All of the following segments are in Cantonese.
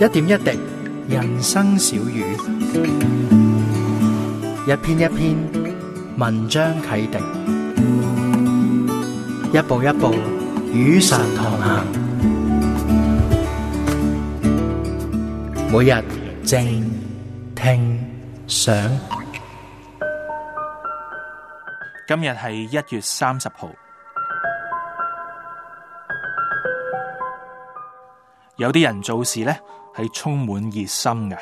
一點一滴，人生小語；一篇一篇，文章啟迪；一步一步，與神同行。每日靜聽想，今日係一月三十號。有啲人做事呢。係充滿熱心嘅，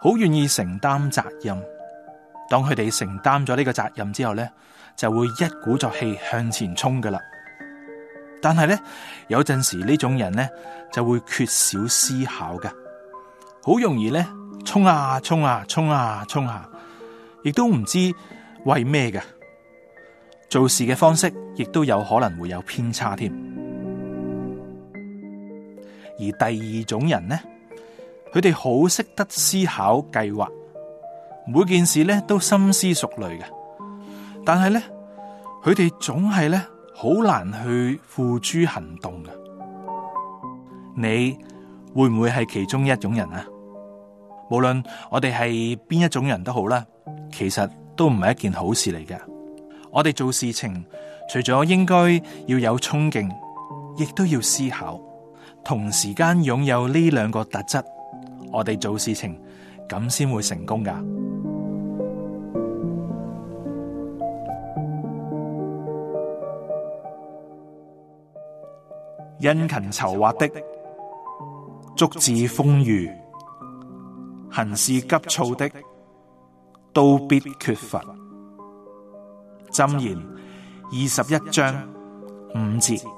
好願意承擔責任。當佢哋承擔咗呢個責任之後咧，就會一鼓作氣向前衝噶啦。但係咧，有陣時呢種人咧就會缺少思考嘅，好容易咧衝啊衝啊衝啊衝啊，亦都唔知為咩嘅。做事嘅方式亦都有可能會有偏差添。而第二種人呢，佢哋好識得思考計劃，每件事呢都深思熟慮嘅。但係呢，佢哋總係呢好難去付諸行動嘅。你會唔會係其中一種人啊？無論我哋係邊一種人都好啦，其實都唔係一件好事嚟嘅。我哋做事情，除咗應該要有衝勁，亦都要思考。同時間擁有呢兩個特質，我哋做事情咁先會成功噶。殷勤籌，籌劃的，足致豐裕，行事急躁的，都必缺乏。箴言二十一章五節。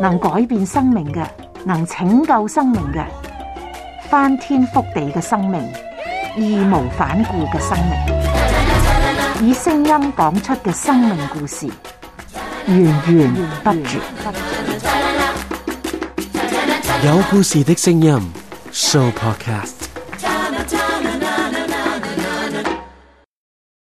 能改變生命嘅，能拯救生命嘅，翻天覆地嘅生命，義無反顧嘅生命，以聲音講出嘅生命故事，源源不絕。有故事的聲音 Sooo Podcast。